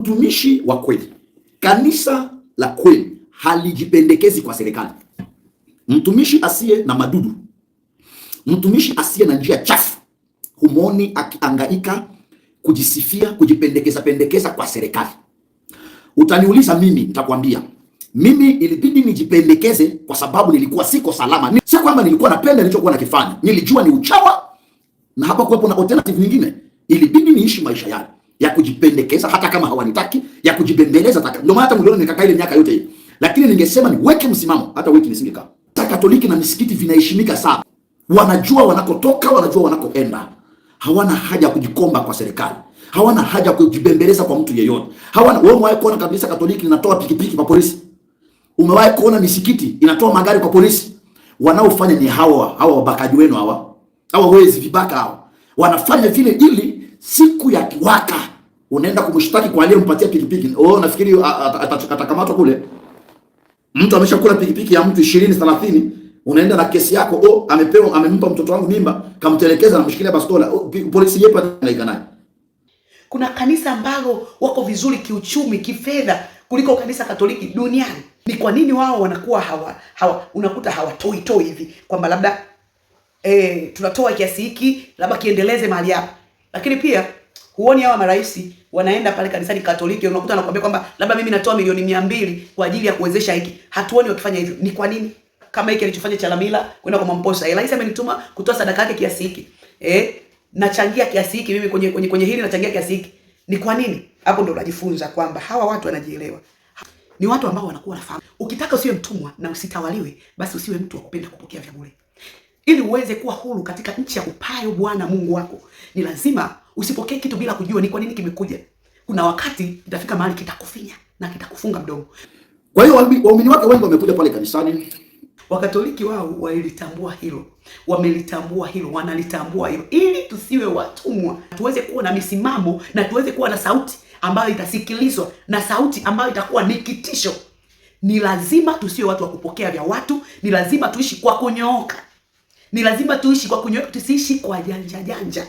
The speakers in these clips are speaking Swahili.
Mtumishi wa kweli, kanisa la kweli halijipendekezi kwa serikali. Mtumishi asiye na madudu, mtumishi asiye na njia chafu, humoni akiangaika kujisifia, kujipendekeza pendekeza kwa serikali. Utaniuliza mimi, nitakwambia mimi ilibidi nijipendekeze kwa sababu nilikuwa siko salama. Si kwamba nilikuwa napenda nilichokuwa nakifanya, nilijua ni uchawa na hapakuwepo na alternative nyingine, ilibidi niishi maisha yale ya kujipendekeza, hata kama hawanitaki, ya kujibembeleza. Ndio maana hata mliona nikakaa ile miaka yote hiyo, lakini ningesema niweke msimamo, hata wiki nisingekaa. Katoliki na misikiti vinaheshimika sana, wanajua wanakotoka, wanajua wanakoenda. Hawana haja ya kujikomba kwa serikali, hawana haja ya kujibembeleza kwa mtu yeyote. Hawana wewe, umewahi kuona kabisa Katoliki linatoa pikipiki kwa polisi? Umewahi kuona misikiti inatoa magari kwa polisi? Wanaofanya ni hawa hawa wabakaji wenu hawa hawa, wezi vibaka hawa, wanafanya vile ili siku ya kiwaka unaenda kumshtaki kwa aliyempatia pikipiki. Oh, unafikiri atakamatwa kule. Mtu ameshakula pikipiki ya mtu 20 30, unaenda na kesi yako. Oh, amepewa amempa mtoto wangu mimba, kamtelekeza na mshikilia bastola. Oh, polisi yepo anaika naye. Kuna kanisa ambalo wako vizuri kiuchumi, kifedha kuliko kanisa Katoliki duniani. Ni kwa nini wao wanakuwa hawa, hawa unakuta hawatoi toi hivi kwamba labda eh, tunatoa kiasi hiki labda kiendeleze mahali hapa, lakini pia Huoni hawa marais wanaenda pale kanisani Katoliki unakuta anakuambia kwamba labda mimi natoa milioni mia mbili kwa ajili ya kuwezesha hiki. Hatuoni wakifanya hivyo. Ni kwa nini? Kama hiki alichofanya Chalamila kwenda kwa Mamposa. Eh, rais amenituma kutoa sadaka yake kiasi hiki. Eh, nachangia kiasi hiki mimi kwenye kwenye, kwenye hili nachangia kiasi hiki. Ni kwa nini? Hapo ndo unajifunza kwamba hawa watu wanajielewa. Ni watu ambao wanakuwa wanafahamu. Ukitaka usiwe mtumwa na usitawaliwe, basi usiwe mtu wa kupenda kupokea vya bure. Ili uweze kuwa huru katika nchi ya upayo Bwana Mungu wako, ni lazima usipokee kitu bila kujua ni kwa nini kimekuja. Kuna wakati itafika mahali kitakufinya na kitakufunga mdomo. Kwa hiyo waumini wake wengi wamekuja pale kanisani. Wakatoliki wao walitambua hilo, wamelitambua hilo, wanalitambua hilo, ili tusiwe watumwa, tuweze kuwa na misimamo na tuweze kuwa na sauti ambayo itasikilizwa na sauti ambayo itakuwa ni kitisho. Ni lazima tusiwe watu wa kupokea vya watu, ni lazima tuishi kwa kunyooka. Ni lazima tuishi kwa kunyoka, tusiishi kwa janja janja.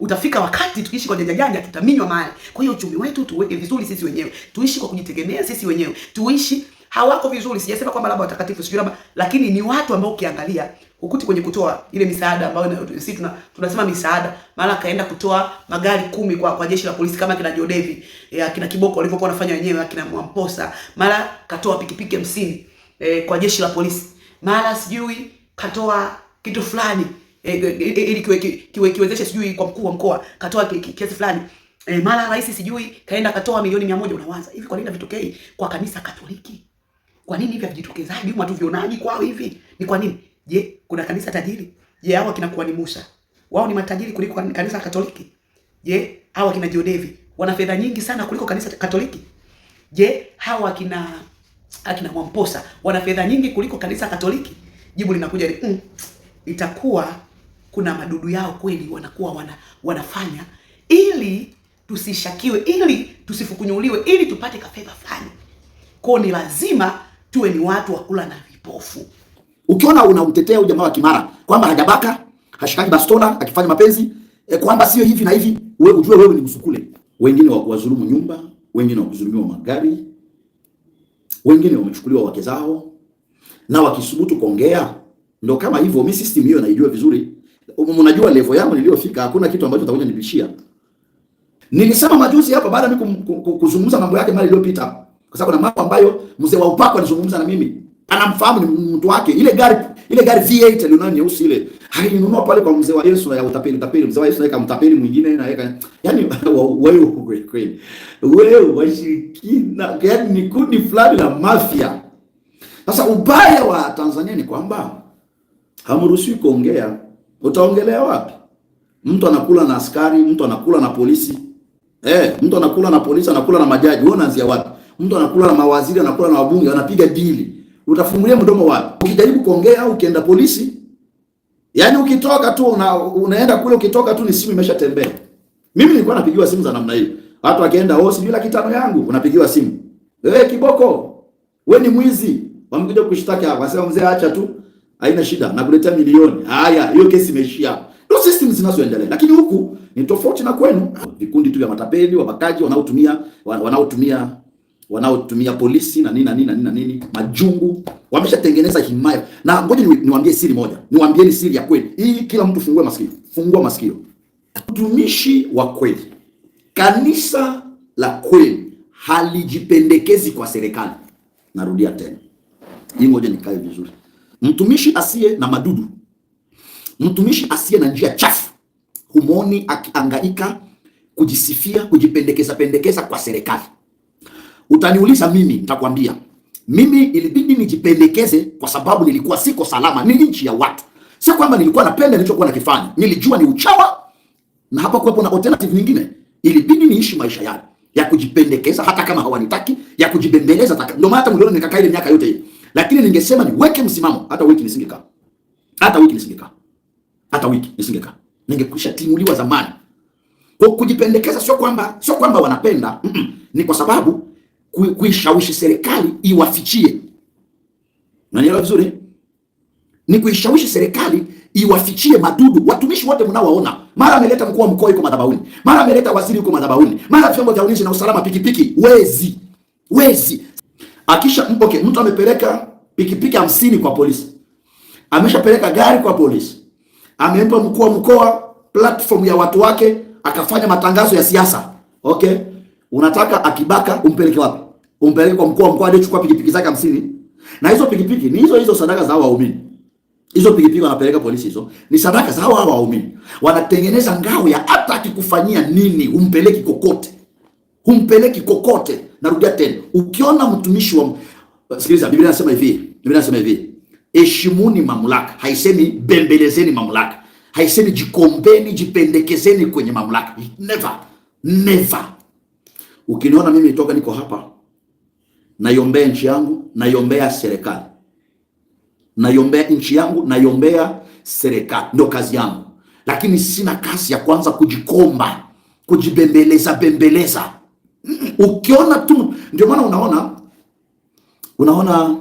Utafika wakati tukiishi kwa janja janja tutaminywa mali. Kwa hiyo uchumi wetu tuweke vizuri sisi wenyewe, tuishi kwa kujitegemea sisi wenyewe, tuishi hawako vizuri. Sijasema kwamba labda watakatifu sijui labda, lakini ni watu ambao ukiangalia ukuti kwenye kutoa ile misaada ambayo sisi tuna, tunasema misaada, maana akaenda kutoa magari kumi kwa kwa jeshi la polisi kama kina Jodevi ya kina Kiboko walivyokuwa wanafanya wenyewe, akina Mwamposa, mara katoa pikipiki hamsini eh, kwa jeshi la polisi, mara sijui katoa kitu fulani eh, eh, eh, ili kiwe, kiwezeshe sijui kwa mkuu wa mkoa katoa kiasi fulani e, mara rais sijui kaenda katoa milioni mia moja. Unawaza hivi, kwa nini havitokei kwa kanisa Katoliki? Kwa nini hivi havijitokezaji huko? Hatuvionaji kwao hivi, ni kwa nini? Je, kuna kanisa tajiri? Je, hawa kina kuhani Musa wao ni matajiri kuliko kanisa Katoliki? Je, hao kina Jodevi wana fedha nyingi sana kuliko kanisa Katoliki? Je, hao kina akina Mwamposa wana fedha nyingi kuliko kanisa Katoliki? Jibu linakuja ni mm itakuwa kuna madudu yao kweli wanakuwa wana, wanafanya ili tusishakiwe, ili tusifukunyuliwe, ili tupate kafeva fulani. Kwao ni lazima tuwe ni watu wa kula na vipofu. Ukiona unamtetea ujamaa jamaa wa Kimara kwamba hajabaka hashikaki bastola akifanya mapenzi e, kwamba sio hivi na hivi, wewe ujue wewe ni msukule. Wengine wa kuwadhulumu nyumba, wengine wa magari, wengine wamechukuliwa wake zao, na wakisubutu kuongea ndio kama hivyo, mimi system hiyo naijua vizuri. Unajua level yangu niliyofika, hakuna kitu ambacho utakuja nibishia. Nilisema majuzi hapa baada mimi kuzungumza mambo yake mali iliyopita, kwa sababu na mambo ambayo mzee wa upako alizungumza na mimi, anamfahamu ni mtu wake. Ile gari ile gari V8 alionayo nyeusi ile alinunua pale kwa mzee wa Yesu ya utapeli utapeli. mzee wa Yesu naika mtapeli mwingine na yeka, yani wewe kweli kweli, wewe washirikina, yani ni kundi fulani la mafia. Sasa ubaya wa Tanzania ni kwamba hamruhusiwi kuongea. Utaongelea wapi? Mtu anakula na askari, mtu anakula na polisi eh, mtu anakula na polisi, anakula na majaji. Wewe unaanzia wapi? Mtu anakula na mawaziri, anakula na wabunge, anapiga dili. Utafungulia mdomo wapi? Ukijaribu kuongea au ukienda polisi, yani ukitoka tu una, unaenda kule, ukitoka tu ni simu imeshatembea. Mimi nilikuwa napigiwa simu za namna hiyo, watu wakienda oh, sijui laki tano yangu, unapigiwa simu wewe, kiboko wewe, ni mwizi. wamkuja kushtaki hapa, sema mzee, acha tu haina shida, nakuletea milioni. Haya, hiyo kesi imeishia hapo. Ndio system zinazoendelea, lakini huku ni tofauti na kwenu. Vikundi tu vya matapeli, wabakaji, wanaotumia wanaotumia wanaotumia polisi na nini na nini na nini na nini, majungu, wameshatengeneza himaya. Na ngoja niwaambie siri moja, niwaambieni siri ya kweli hii, kila mtu fungue masikio, fungua masikio. Mtumishi wa kweli, kanisa la kweli halijipendekezi kwa serikali. Narudia tena hii, ngoja nikae vizuri. Mtumishi asiye na madudu, mtumishi asiye na njia chafu, humoni akiangaika kujisifia, kujipendekeza pendekeza kwa serikali. Utaniuliza mimi, nitakwambia mimi ilibidi nijipendekeze kwa sababu nilikuwa siko salama, ni nchi ya watu. Sio kwamba nilikuwa napenda nilichokuwa nakifanya, nilijua ni uchawa na hapa kuwepo na alternative nyingine. Ilibidi niishi maisha yale ya kujipendekeza, hata kama hawanitaki, ya kujibembeleza. Ndio maana hata mliona nikakaa ile miaka yote hiyo lakini ningesema niweke msimamo, hata wiki nisingekaa, hata wiki nisingekaa, hata wiki nisingekaa, ningekwisha timuliwa zamani. Kwa kujipendekeza, sio kwamba sio kwamba wanapenda mm -mm, ni kwa sababu kuishawishi serikali iwafichie. Unanielewa vizuri? Ni kuishawishi serikali iwafichie madudu. Watumishi wote mnaowaona, mara ameleta mkuu wa mkoa yuko madhabahuni, mara ameleta waziri yuko madhabahuni, mara vyombo vya ulinzi na usalama, pikipiki, wezi, wezi akisha okay, mtu amepeleka pikipiki hamsini kwa polisi, ameshapeleka gari kwa polisi, amempa mkuu wa mkoa platform ya watu wake, akafanya matangazo ya siasa. Okay, unataka akibaka umpeleke wapi? Umpeleke kwa mkuu wa mkoa aliyechukua pikipiki zake hamsini, na hizo pikipiki ni hizo hizo sadaka za waumini hizo pikipiki wanapeleka polisi, hizo ni sadaka za hawa waumini. Wanatengeneza ngao ya hata akikufanyia nini, humpeleki kokote, humpeleki kokote. Narudia tena, ukiona mtumishi wa uh, sikiliza, Biblia inasema hivi, Biblia inasema hivi, heshimuni mamlaka. Haisemi bembelezeni mamlaka, haisemi jikombeni, jipendekezeni kwenye mamlaka. Never, never. Ukiniona mimi nitoka, niko hapa, naiombea nchi yangu, naiombea serikali, naiombea nchi yangu, naiombea serikali, ndio kazi yangu, lakini sina kasi ya kwanza kujikomba, kujibembeleza bembeleza Ukiona tu ndio maana unaona unaona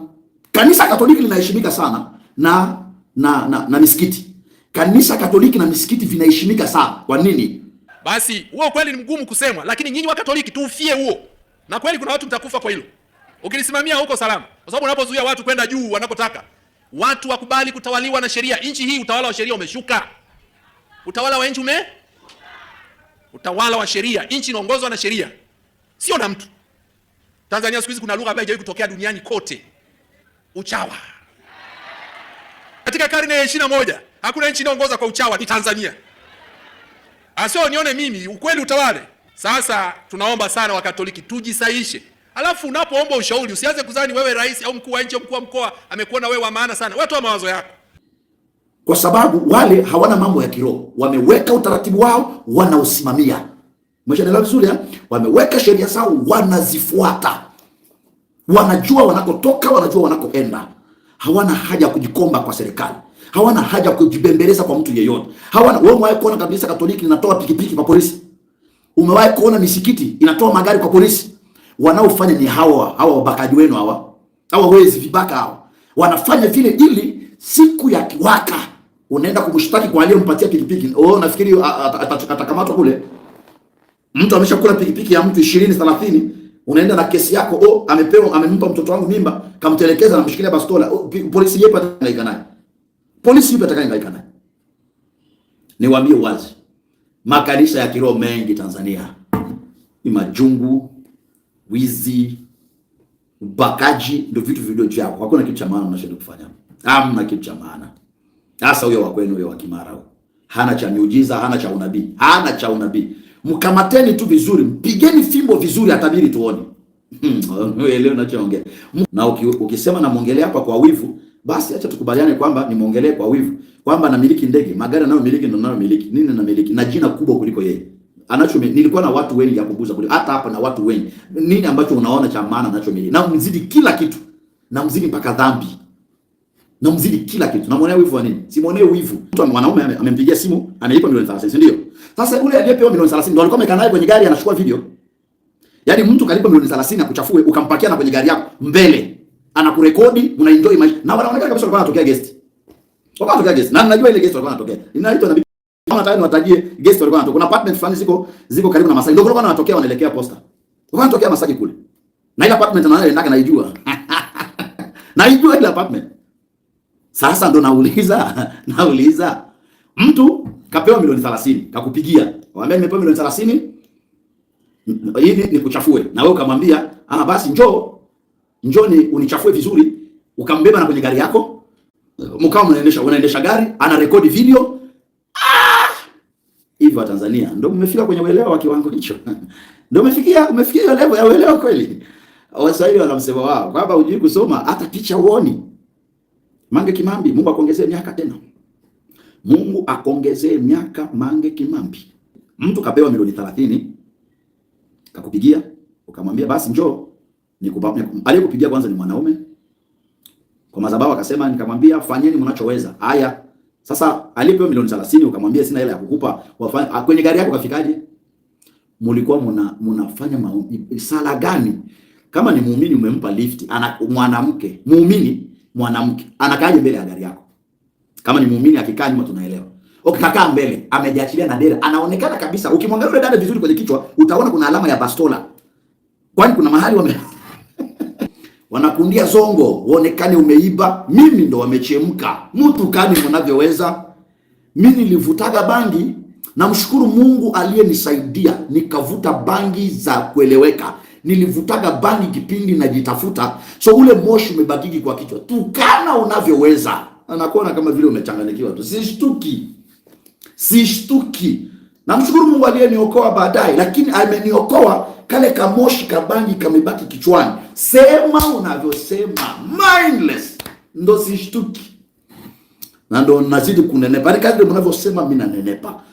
kanisa Katoliki linaheshimika sana na na, na na misikiti. Kanisa Katoliki na misikiti vinaheshimika sana. Kwa nini? Basi huo kweli ni mgumu kusemwa, lakini nyinyi wa Katoliki tuufie huo, na kweli kuna watu mtakufa kwa hilo. Ukilisimamia huko salama, kwa sababu unapozuia watu kwenda juu wanapotaka, watu wakubali kutawaliwa na sheria. Nchi hii utawala wa sheria umeshuka, utawala wa nchi ume, utawala wa sheria, nchi inaongozwa na sheria sio na mtu. Tanzania siku hizi kuna lugha ambayo haijawahi kutokea duniani kote, uchawa. Katika karne ya ishirini na moja hakuna nchi inaongoza kwa uchawa ni Tanzania. Asio ah, nione mimi, ukweli utawale. Sasa tunaomba sana Wakatoliki tujisaishe. Alafu unapoomba ushauri usianze kuzani wewe rais au mkuu wa nchi au mkuu wa mkoa amekuona wewe wa maana sana. Wewe toa mawazo yako, kwa sababu wale hawana mambo ya kiroho, wameweka utaratibu wao, wanausimamia. Umeshaelewa vizuri eh? Wameweka sheria zao, wanazifuata, wanajua wanakotoka, wanajua wanakoenda. Hawana haja ya kujikomba kwa serikali, hawana haja ya kujibembeleza kwa mtu yeyote. Hawana wewe, umewahi kuona kanisa Katoliki linatoa pikipiki kwa polisi? Umewahi kuona misikiti inatoa magari kwa polisi? Wanaofanya ni hawa hawa wabakaji wenu hawa, hawa wezi vibaka hawa, wanafanya vile ili siku ya kiwaka unaenda kumshtaki kwa aliyempatia pikipiki. Oh, nafikiri atakamatwa kule Mtu ameshakula pikipiki ya mtu 20 30, unaenda na kesi yako. Oh, amepewa amempa mtoto wangu mimba, kamtelekeza na mshikilia bastola. Oh, polisi yepa atakayehangaika naye, polisi yepa atakayehangaika naye. Niwaambie wazi, makanisa ya kiroho mengi Tanzania ni majungu, wizi, ubakaji, ndio vitu vilivyo vyako. Hakuna kitu cha maana mnashinda kufanya, hamna kitu cha maana. Hasa huyo wa kwenu, huyo wa Kimara, hana cha miujiza, hana cha unabii, hana cha unabii mkamateni tu vizuri, mpigeni fimbo vizuri, atabiri tuone. Hmm, Leo nachoongea na uki, ukisema namwongelea hapa kwa wivu, basi acha tukubaliane kwamba nimwongelee kwa wivu kwamba namiliki ndege, magari anayomiliki ndo ninayomiliki, nini namiliki, na jina kubwa kuliko yeye anacho. Nilikuwa na watu wengi ya kuguza kuliko hata hapa, na watu wengi. Nini ambacho unaona cha maana anachomiliki? Na mzidi kila kitu, na mzidi mpaka dhambi. Namzidi kila kitu. Namwonea wivu wa nini? Simwonee wivu. Mtu mwanaume amempigia simu, analipa milioni 30, si ndio? Sasa yule aliyepewa milioni 30 ndio alikuwa amekaa naye kwenye gari anachukua video. Yaani mtu kalipa milioni 30 na kuchafue ukampakia na kwenye gari yako mbele. Anakurekodi, unaenjoy maisha. Na wanaonekana kabisa walikuwa wanatokea guest. Walikuwa wanatokea guest. Na najua ile guest walikuwa wanatokea. Inaitwa na kama tayari watajie guest walikuwa wanatoka. Kuna apartment fulani ziko ziko karibu na Masaki. Ndio walikuwa wanatokea wanaelekea Posta. Walikuwa wanatokea Masaki kule. Na ile apartment anayoendaka naijua. Naijua ile apartment. Sasa ndo nauliza nauliza, mtu kapewa milioni 30 kakupigia, waambia nimepewa milioni 30 hivi nikuchafue, na wewe ukamwambia ah, basi njoo njoo ni unichafue vizuri, ukambeba na kwenye gari yako, mkao mnaendesha unaendesha gari, ana rekodi video ah! hivi Ah! Tanzania ndio mmefika kwenye uelewa wa kiwango hicho ndio umefikia umefikia hiyo level ya uelewa kweli. Waswahili wanamsema wao kwamba hujui kusoma hata picha uoni. Mange Kimambi, Mungu akuongezee miaka tena. Mungu akuongezee miaka Mange Kimambi. Mtu kapewa milioni 30 kakupigia ukamwambia basi njoo nikupa. Aliyekupigia kwanza ni mwanaume kwa madhabahu, akasema nikamwambia fanyeni mnachoweza. Haya, sasa alipewa milioni 30 ukamwambia sina hela ya kukupa, wafanya ah, kwenye gari yako kafikaje? Mulikuwa muna, munafanya sala gani? Kama ni muumini umempa lifti, ana mwanamke muumini mwanamke anakaaje mbele ya gari yako? Kama ni muumini akikaa nyuma tunaelewa. Okay, kakaa mbele, amejiachilia na dera, anaonekana kabisa. Ukimwangalia yule dada vizuri kwenye kichwa, utaona kuna alama ya bastola, kwani kuna mahali wame wanakundia zongo, uonekane umeiba. Mimi ndo wamechemka, mtu kani mnavyoweza. Mimi nilivutaga bangi, namshukuru Mungu aliyenisaidia nikavuta bangi za kueleweka nilivutaga bani kipindi najitafuta, so ule moshi umebakiki kwa kichwa. Tukana unavyoweza, anakuona kama vile umechanganyikiwa tu. Sishtuki, sishtuki. Namshukuru Mungu aliyeniokoa baadaye, lakini ameniokoa kale kamoshi kabangi kamebaki kichwani. Sema unavyosema, mindless ndo sishtuki, na ndo nazidi kunenepa. Yaani kadri mnavyosema mimi nanenepa.